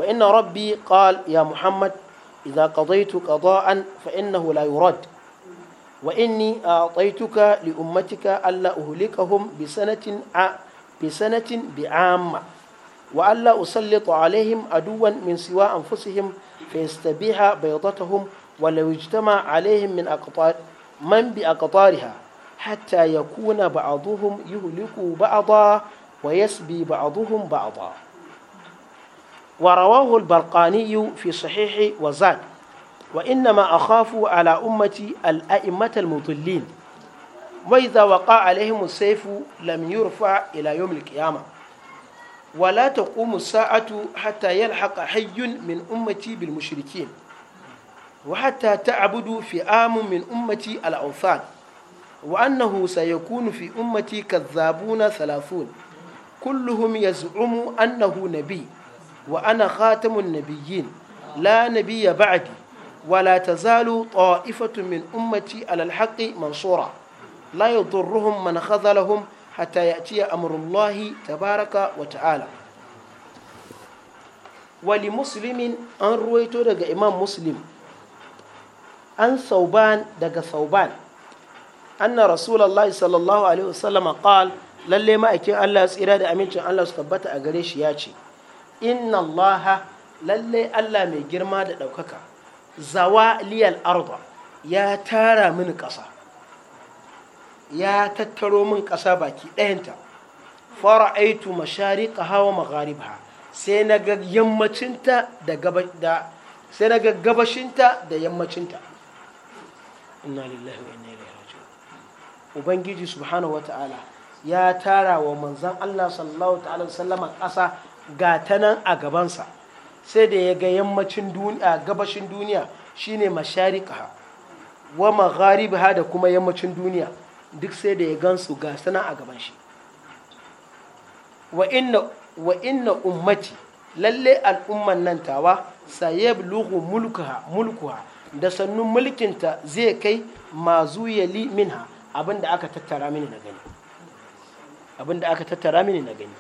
A: وإن ربي قال يا محمد إذا قضيت قضاء فإنه لا يرد وإني أعطيتك لأمتك ألا أهلكهم بسنة بسنة بعامة وألا أسلط عليهم عدوا من سوى أنفسهم فيستبيح بيضتهم ولو اجتمع عليهم من أقطار من بأقطارها حتى يكون بعضهم يهلك بعضا ويسبي بعضهم بعضا ورواه البرقاني في صحيح وزاد وإنما أخاف على أمتي الأئمة المضلين وإذا وقع عليهم السيف لم يرفع إلى يوم القيامة ولا تقوم الساعة حتى يلحق حي من أمتي بالمشركين وحتى تعبد فئام من أمتي الأوثان وأنه سيكون في أمتي كذابون ثلاثون كلهم يزعم أنه نبي wa ana khatamun nabiyyin la nabiyya ba'di ولا تزال طائفة من أمتي على الحق منصورة لا يضرهم من خذلهم حتى يأتي أمر الله تبارك وتعالى ولمسلم أن رويته دقى إمام مسلم أن ثوبان دقى ثوبان أن رسول الله صلى الله عليه وسلم قال للي ما أكي الله سيراد أمين الله سكبت أغريش ياتي inna allaha lallai allah mai girma da ɗaukaka zawa liyal arda ya tara mini ƙasa ya tattaro min ƙasa baki ɗayanta fara'aitu mashariqa hawa magharibha sai na ga yammacinta da da sai na ga gabashinta da yammacinta inna lillahi wa inna ilaihi raji'un ubangiji subhanahu wata'ala ya tara wa manzon Allah sallallahu ta'ala sallama ƙasa ga ta nan a gabansa sai da ya ga yammacin duniya gabashin duniya shine mashariqaha wa ha da kuma yammacin duniya duk sai da ya gansu ga sana a gaban shi wa inna wa lalle al'umman nan tawa sayablughu mulkuha mulkuha da sannun mulkinta zai kai ma yali minha abinda aka tattara mini na gani abinda aka tattara mini na gani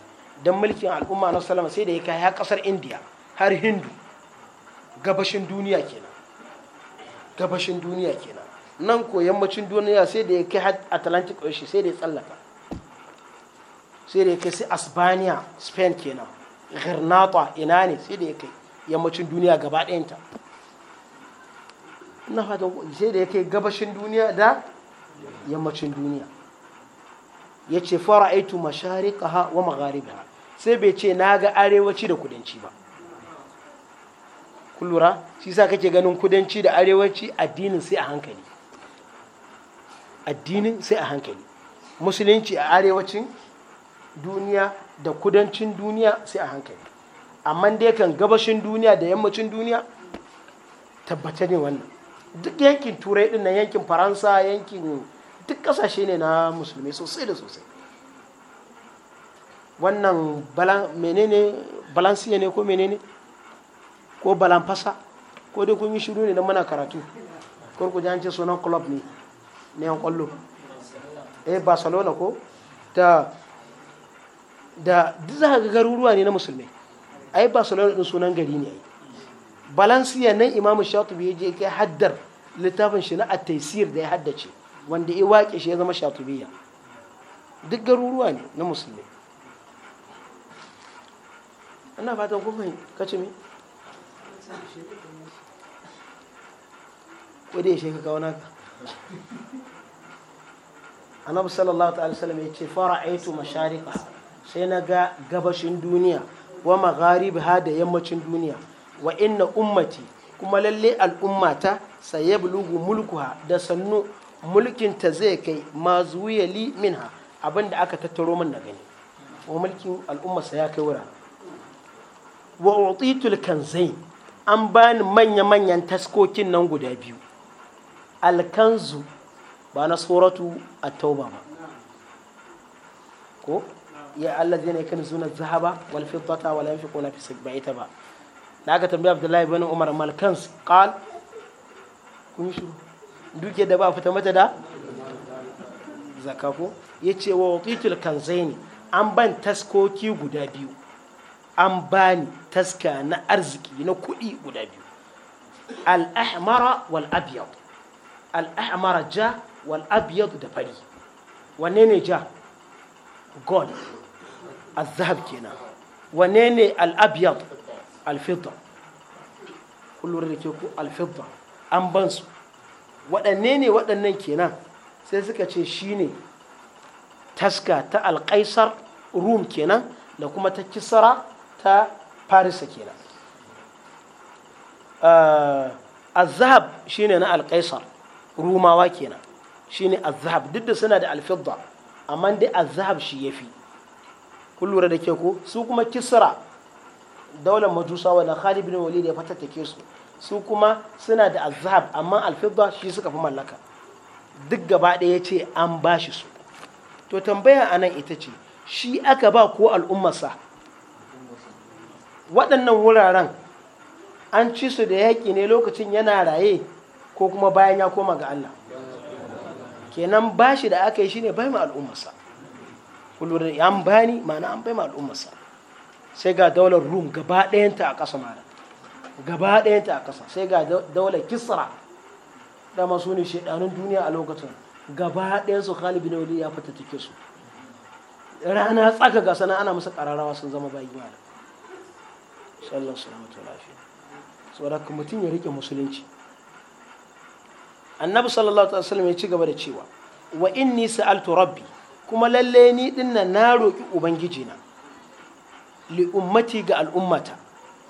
A: don mulkin al'umma na salama sai da ya kai har kasar indiya har hindu gabashin duniya kenan gabashin duniya kenan nan ko yammacin duniya sai da ya kai har atlantic ocean sai da ya tsallaka sai da ya kai sai asbaniya spain kenan girnata ina ne sai da ya kai yammacin duniya gaba ɗayanta ina fatan sai da ya kai gabashin duniya da yammacin duniya ya ce fara'aitu mashariqaha wa magharibaha sai bai ce na ga arewaci da kudanci ba kullura shi sa kake ganin kudanci da arewaci addinin sai a hankali addinin sai a hankali musulunci a arewacin duniya da kudancin duniya sai a hankali amma dai kan gabashin duniya da yammacin duniya tabbata ne wannan duk yankin turai din yankin faransa yankin duk kasashe ne na musulmi sosai da sosai wannan menene balansiya ne ko menene ko balan fasa ko dai kun yi shiru ne don mana karatu kurku an ce sunan club ne na yan kwallo eh barcelona ko da da duk za ga garuruwa ne na musulmi ai barcelona din sunan gari ne ai balansiya nan imamu shatubi ya je kai haddar littafin shi na at taisir da ya haddace wanda ya waƙe shi ya zama shatubiya duk garuruwa ne na musulmi. ina fatan kun fahimci kace me ko dai shi ka kawo naka annabi sallallahu ta'ala sallam ya ce fara'aitu mashariqa sai na ga gabashin duniya wa ha da yammacin duniya wa inna ummati kuma lalle al'ummata sayablugu mulkuha da sannu mulkin ta zai kai ma zuwiyali minha abinda aka tattaro min na gani wa mulkin al'ummarsa ya kai wurare wa utitul kanzai an bani manya-manyan taskokin nan guda biyu alkanzu ba na suratu a tauba ba ko ya allazi ne kan zuna zahaba wal fiddata wal yanfiquna fi sabbaita ba na ka tambaya abdullahi bin umar malkans qal kun shi duke da ba fita mata da zakafo yace wa utitul kanzaini an ban taskoki guda biyu an bani taska na arziki na kuɗi guda biyu al-ahmara wal abyad al ja wal abyad da fari wanne ne ja gold azhab kenan wanne ne al-abyad al-fidda kullum da ke ku al an ban su waɗanne ne waɗannan kenan sai suka ce shine taska ta al rum kenan da kuma ta Kisara. ta farisa kenan eh, azhab shine na alkaisar rumawa kenan shine azhab duk da suna da alfidda amma dai azhab shi yafi kun lura da ke ko su kuma kisra daular majusawa na khalid bin walid ya fatattake su su kuma suna da azhab amma alfidda shi suka fi mallaka duk gaba ɗaya ce an bashi su to tambaya anan ita ce shi aka ba ko al'ummarsa waɗannan wuraren an ci su da yaƙi ne lokacin yana raye ko kuma bayan ya koma ga Allah kenan bashi da aka yi shine bai ma al'ummarsa kullum an bani ma'ana an bai ma al'ummarsa sai ga daular rum gaba ɗayanta a ƙasa mara gaba ɗayanta a ƙasa sai ga daular kisra dama su ne shaidanun duniya a lokacin gaba ɗayansu khalibi na wuli ya fatattake su rana tsaka ga sana ana musu ƙararrawa sun zama bayi mara sallan mutu lafiya saboda haka mutum ya rike musulunci annabi sallallahu alaihi wasallam ya ci gaba da cewa wa inni sa'altu rabbi kuma lalle ni dinna na roƙi ubangiji na li ummati ga al'ummata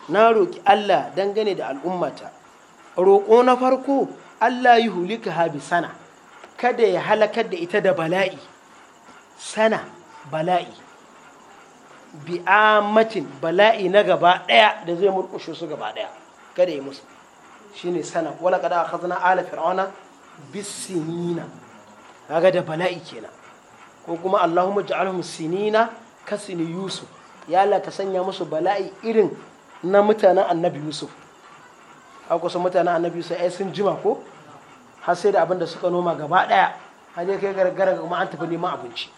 A: na roƙi Allah dangane da al'ummata roƙo na farko Allah yi hulika habi sana kada ya halakar da ita da bala'i sana bala'i bi'amatin bala'i na gaba daya da zai murkushe su gaba daya kada yi musu shine sana wala kada kazana ala fir'auna bisinina kaga da bala'i kenan ko kuma Allahumma ja'alhum sinina kasini yusuf ya Allah ka sanya musu bala'i irin na mutanen annabi yusuf haka kusa mutanen annabi yusuf ai sun jima ko har sai da abin da suka noma gaba daya har kai gargara kuma an tafi neman abinci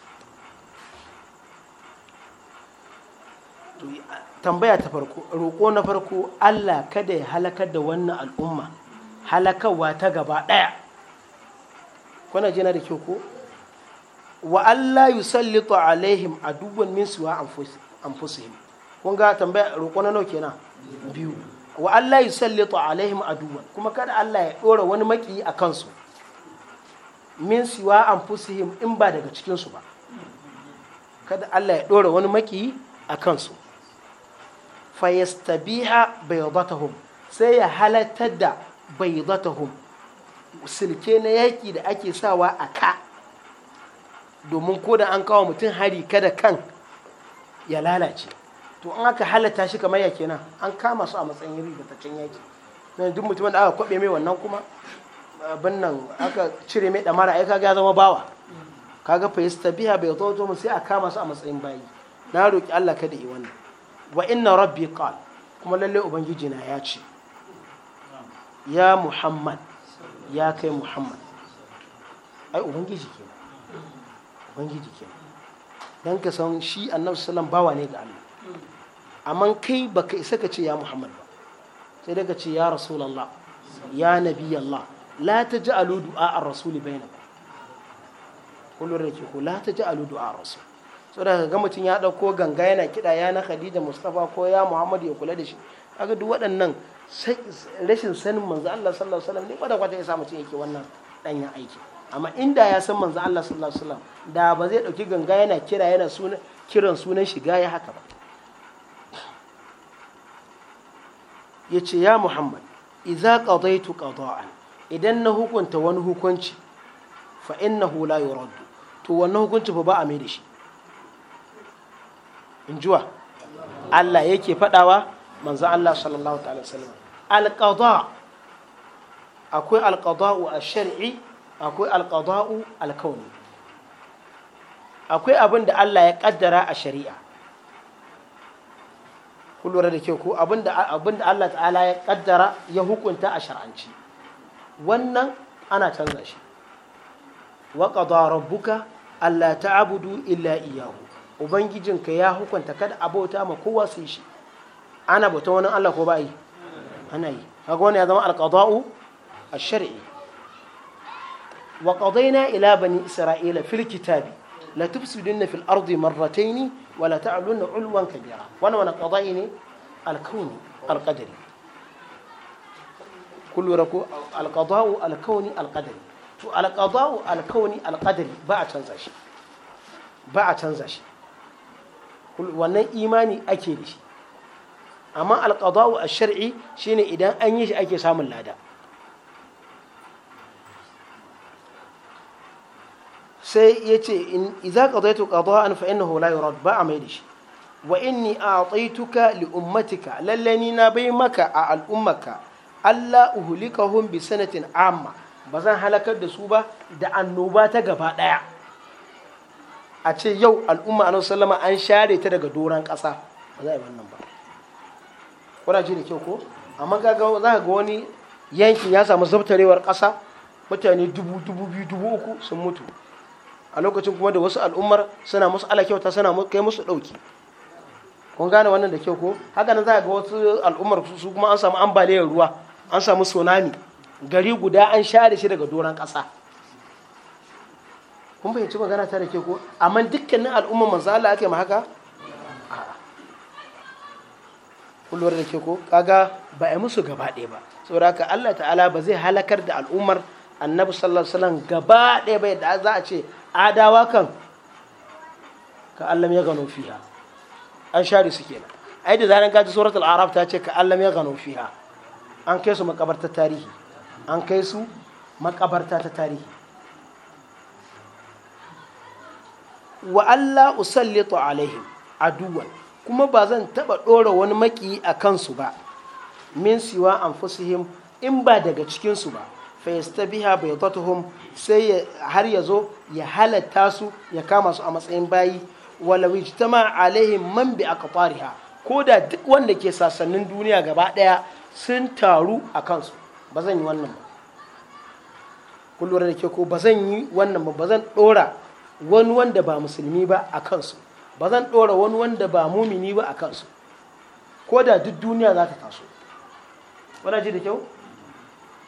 A: tambaya ta farko roƙo na farko Allah kada ya halakar da wannan al'umma halakarwa ta gaba ɗaya kuna jina da kyau ko wa Allah yusallitu alaihim dubban min suwa fusuhim kun ga tambaya roƙo na nauke na biyu wa Allah yusallitu alaihim dubban kuma kada Allah ya ɗora wani maki a kansu min siwa fusuhim in ba daga cikinsu ba kada Allah ya ɗora wani maki a kansu fayastabiha baydatahum sai ya halattar da baydatahum silke na yaƙi da ake sawa a ka domin ko da an kawo mutum hari kada kan ya lalace to an aka halatta shi kamar yake nan an kama su a matsayin ribataccen yaƙi don duk mutum da aka kwaɓe mai wannan kuma abin nan aka cire mai ɗamara ai kaga ya zama bawa kaga fa yastabiha baydatahum sai a kama su a matsayin bayi na roƙi Allah kada yi wannan wa inna rabbi qal kuma lalle ubangiji na ya ce ya muhammad ya kai muhammad ai ubangiji ke ubangiji ke dan ka san shi annabi sallam bawa ne ga Allah amma kai baka isa ka ce ya muhammad ba sai daga ce ya rasulullah ya nabi allah la taj'alu du'a ar-rasul bainakum kullu rake ku la taj'alu du'a ar-rasul so da ga mutum ya ɗauko ganga yana kiɗa ya na khadija mustapha ko ya muhammadu ya kula da shi kaga duk waɗannan rashin sanin manzo Allah sallallahu alaihi wasallam ne kwata kwata ya sa mutum yake wannan danyen aiki amma inda ya san manzo Allah sallallahu alaihi wasallam da ba zai ɗauki ganga yana kira yana suna kiran sunan shiga ya haka ba yace ya muhammad idza qadaytu qada'an idan na hukunta wani hukunci fa innahu la yurad to wannan hukunci ba a mai da shi in juwa Allah yake faɗawa manzo Allah sallallahu ta'ala wasallam alqada akwai alqada'u ash-shar'i akwai alqada'u al-kauni akwai abin da Allah ya ƙaddara a shari'a kun da ke ku, abin da Allah ta'ala ya ƙaddara, ya hukunta a shar'anci wannan ana canza shi wa qada rabbuka alla ta'budu illa iyyahu ubangijinka ya hukunta kada abota ma kowa su yi shi ana bauta wani Allah ko ba yi ana yi kaga wani ya zama alƙada'u a shari wa qadayna ila bani isra'ila fil kitabi la tufsiduna fil ardi marratayn wa la ta'luna 'ulwan kabira wannan wani qada'i ne al alƙadari al-qadari kullu rako al-qada'u to al-qada'u al ba a canza shi ba a canza shi wannan imani ake da shi amma alƙada'u a shar'i shine idan an yi shi ake samun lada sai ya ce idza qadaytu qada'an fa innahu la yurad ba a mai da shi wa inni a'taytuka li ummatika lalle ni na bai maka a al'ummaka alla uhlikahum bi sanatin amma ba zan halakar da su ba da annoba ta gaba ɗaya a ce yau al'umma annabi sallama an share ta daga doron kasa ba za a yi wannan ba kuna ji da kyau ko amma za ka ga wani yankin ya samu zabtarewar kasa mutane dubu dubu biyu dubu uku sun mutu a lokacin kuma da wasu al'ummar suna musu ala kyauta suna kai musu ɗauki kun gane wannan da kyau ko haka nan za ga wasu al'ummar su kuma an samu ambaliyar ruwa an samu tsunami gari guda an share shi daga doron ƙasa kun fahimci magana ta da ke ko amma dukkanin al'umma manzo Allah ake ma haka kullum da ke ko kaga ba a musu gaba ɗaya ba saboda haka Allah ta'ala ba zai halakar da al'ummar annabi sallallahu alaihi wasallam gaba ɗaya ba yadda za a ce adawa kan ka Allah ya gano fiha an share su kenan ai da zaran gaji suratul araf ta ce ka Allah ya gano fiha an kai su makabartar tarihi an kai su makabarta ta tarihi wa Allah usallitu alaihim aduwan kuma ba zan taɓa ɗora wani maki a kansu ba min siwa anfusihim in ba daga cikinsu ba fa yastabiha baydatuhum sai har ya zo ya halatta su ya kama su a matsayin bayi wala ijtama alaihim man bi aqtariha ko da duk wanda ke sasannin duniya gaba daya sun taru a kansu ba zan yi wannan ba kun da ke ko ba zan yi wannan ba ba zan dora wani wanda ba musulmi ba a kansu ba zan ɗora wani wanda ba mumini ba a kansu ko da duk duniya za ta taso wani ji da kyau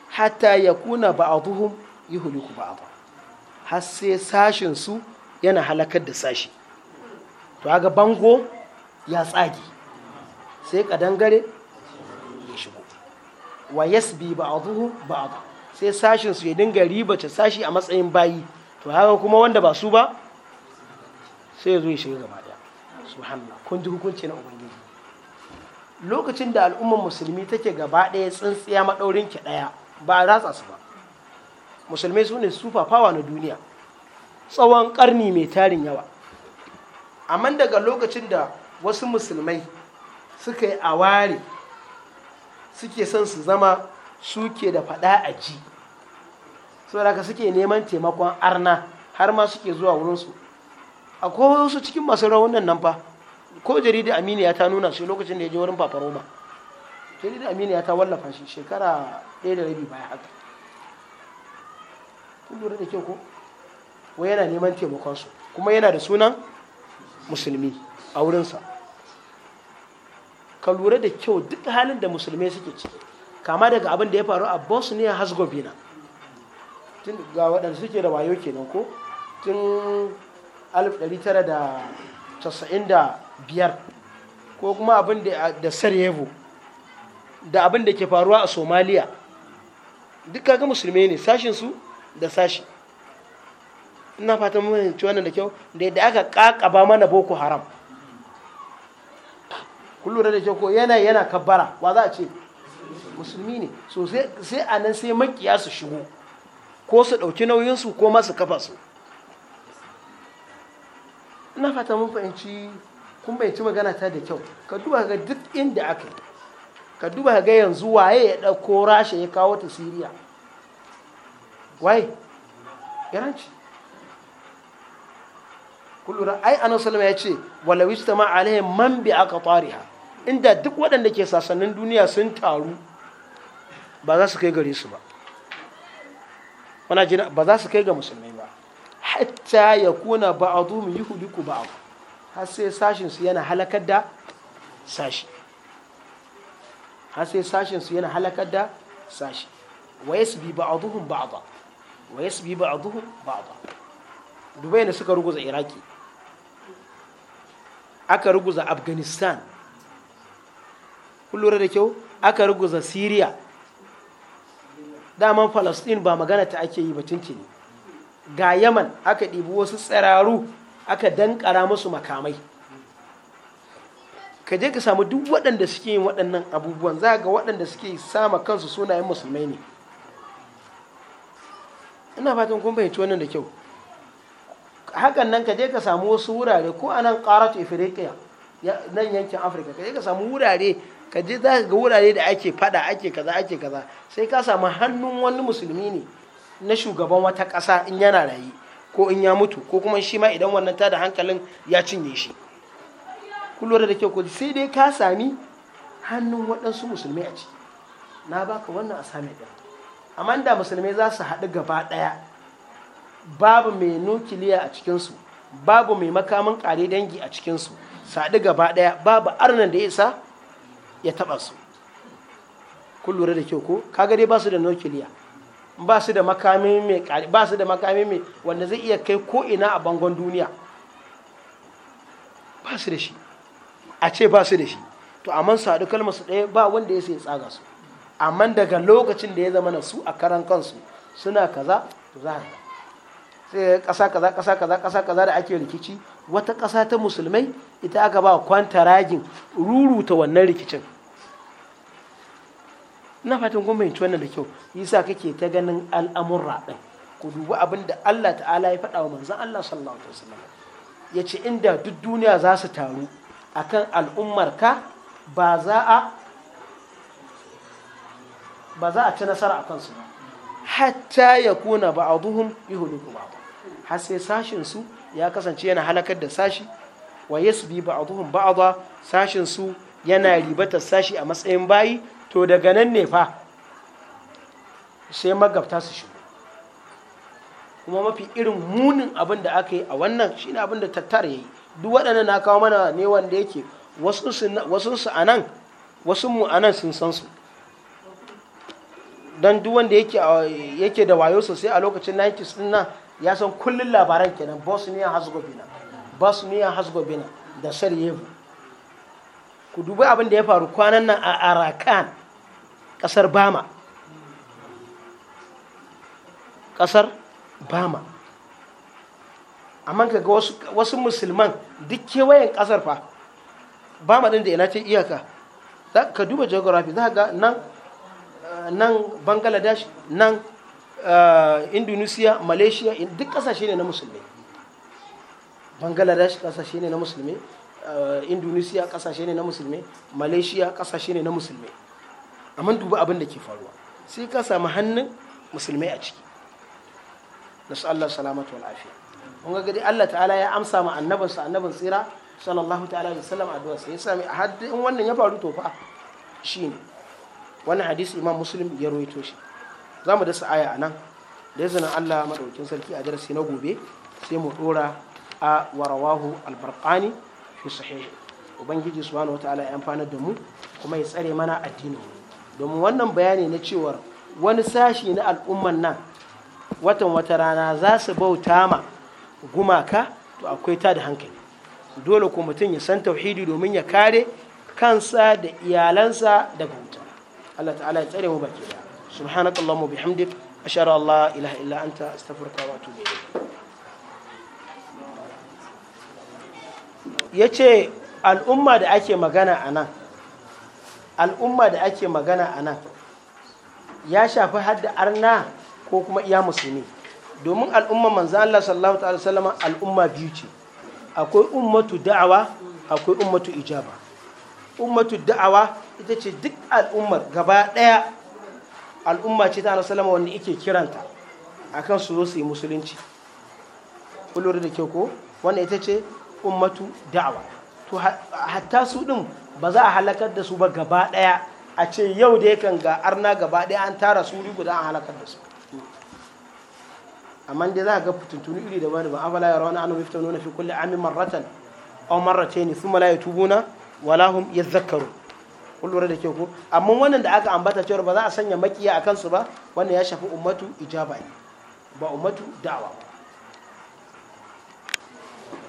A: hatta ya kuna ba'aduhum yi huliku ba'adu har sai sashinsu yana halakar da sashi to ga bango ya tsage sai kadangare ya shigo wa yasbi ba'aduhum ba'adu sai sashinsu ya dinga ribace sashi a matsayin bayi to haka kuma wanda ba su ba sai ya zo ya shiga gaba daya subhanallah kun ji hukunci na ubangiji lokacin da al'ummar musulmi take gaba daya tsintsiya maɗaurin ki daya ba a ratsa su ba musulmai su ne super power na duniya tsawon karni mai tarin yawa amma daga lokacin da wasu musulmai suka yi aware suke son su zama suke da fada a ji saboda ka suke neman taimakon arna har ma suke zuwa wurinsu akwai wasu cikin masu rawun nan fa ko jarida aminiya ta nuna shi lokacin da ya je wurin fafaroma jarida aminiya ta wallafa shi shekara ɗaya da rabi baya haka kun lura da kyau ko wai yana neman taimakon su kuma yana da sunan musulmi a wurinsa ka lura da kyau duk halin da musulmai suke ciki kama daga abin da ya faru a bosnia herzegovina tun ga waɗanda suke da wayo kenan ko tun 1995 ko kuma abin da sarajevo da abin da ke faruwa a somaliya duk ga musulmi ne sashinsu da sashi ina fatan mun wannan da kyau da yadda aka kakaba mana boko haram kullum da kyau ko yana yana kabbara ba za a ce musulmi ne so sai anan sai makiya su shigo ko su ɗauki nauyinsu ko ma su kafa su ina fata mun fahimci kun ci magana ta da kyau ka duba ga duk inda aka yi ka duba ga yanzu waye ya ɗauko rasha ya kawo ta siriya waye iranci kullura ai anan salama ya ce walawis ta ma alaihi man bi aka ha inda duk waɗanda ke sasannin duniya sun taru ba za su kai gare su ba wana jina ba za su kai ga musulmi ba hatta ya kuna ba'adu yuhliku ba'd har sai sashin su yana halakar da sashi har sai sashin su yana halakar da sashi wa yasbi ba'duhum ba'da wa yasbi ba'duhum ba'da dubai ne suka ruguza iraki aka ruguza afghanistan kun da kyau aka ruguza syria daman falastin ba magana ta ake yi ba tuntuni ga yaman aka ɗibi wasu tsiraru aka dankara musu makamai ka je ka samu duk waɗanda suke yin waɗannan abubuwan za ga waɗanda suke sama kansu sunayen musulmai ne ina fatan kun fahimci wannan da kyau hakan nan ka je ka samu wasu wurare ko a nan ƙaratu ifirikiya nan yankin afirka ka je ka samu wurare ka je za ga wurare da ake fada ake kaza ake kaza sai ka samu hannun wani musulmi ne na shugaban wata ƙasa in yana rayu ko in ya mutu ko kuma shi ma idan wannan tada hankalin ya cinye shi ku lura da kyau ko sai dai ka sami hannun waɗansu musulmi a ciki na baka wannan a sami din amma da musulmai za su haɗu gaba ɗaya babu mai nukiliya a cikinsu babu mai makamin ƙare dangi a cikinsu su gaba ɗaya babu arnan da ya isa ya taɓa su kun lura da kyau ko kaga dai ba su da nukiliya ba su da makami mai ba su da makami mai wanda zai iya kai ko ina a bangon duniya ba su da shi a ce ba su da shi to amma su haɗu kalmar su ɗaya ba wanda ya sai tsaga su amma daga lokacin da ya zama na su a karan kansu suna kaza za sai kasa kaza kasa kaza kasa kaza da ake rikici wata kasa ta musulmai ita aka ba kwanta ragin ruruta wannan rikicin ina fatan kun bayanci wannan da kyau yasa kake ta ganin al'amurra din ku dubi abin da Allah ta'ala ya faɗa wa manzon Allah sallallahu alaihi wasallam ya inda duk duniya za su taru akan al'ummar ka ba za a ba za a ci nasara akan su ba hatta ya kuna ba'aduhum yuhliku ba har sai sashin su ya kasance yana halakar da sashi wa yasbi ba'aduhum ba sashin su yana ribata sashi a matsayin bayi to daga nan ne fa sai magabta su shigo kuma mafi irin munin abin da aka yi a wannan shine abin da tattara ya yi duk waɗannan na kawo mana ne wanda yake su a nan wasu mu a nan sun san su don duk wanda yake da wayo sosai a lokacin 90s din ya san kullun labaran kenan bosnia herzegovina bosnia herzegovina da sarajevo ku dubi abin da ya faru kwanan nan a arakan ƙasar bama ƙasar bama amma kaga wasu musulman duk kewayen ƙasar fa bama ɗin da ina ce iyaka ka duba geography za ga nan nan bangladesh nan eh, indonesia malaysia duk ƙasashe ne na musulmi bangladesh ƙasashe ne na musulmi eh, indonesia ƙasashe ne na musulmi malaysia ƙasashe ne na musulmi amma duba abin da ke faruwa sai ka samu hannun musulmai a ciki nasu Allah salamatu wal afiya mun ga gadi Allah ta'ala ya amsa ma annaban sa annaban tsira sallallahu ta'ala alaihi wasallam addu'a sai sami haddi in wannan ya faru to fa shine wannan hadisi imam muslim ya rawaito shi zamu dasa aya anan da izinin Allah madaukin sarki a darasi na gobe sai mu dora a warawahu barqani fi sahih ubangiji subhanahu wataala ya amfana da mu kuma ya tsare mana addinin mu domin wannan bayani na cewar wani sashi na al'umman nan watan wata rana za su bauta ma gumaka to akwai ta da hankali dole ko mutum ya san tauhidi domin ya kare kansa da iyalansa da wuta Allah ta'ala ya tsare mu baki da subhanakallahumma bihamdik ashhadu an la ilaha illa anta astaghfiruka wa atubu ilayk al'umma da ake magana a nan al'umma da ake magana a nan ya shafi hadda arna ko kuma iya musulmi domin al'umma manzan Allah sallallahu ta'ala sallama al'umma biyu ce akwai ummatu da'awa akwai ummatu ijaba ummatu da'awa ita ce duk al'ummar gaba daya al'umma ce ta annabi sallama wanda ike kiranta akan su zo su yi musulunci kullur da ke ko wanda ita ce ummatu da'awa to hatta su din ba za a halakar da su ba gaba ɗaya a ce yau da yakan ga arna gaba ɗaya an tara su wuri guda a halakar da su amma dai za a ga fitintunu iri da ba a bala ya rawana anu mafi na fi kulle amin marratan aw marratayn ne su malaye tubuna Walahun ya zakaru. lura da ke ko amma wannan da aka ambata cewar ba za a sanya makiya a kansu ba wannan ya shafi ummatu ijaba ne ba ummatu da'awa ba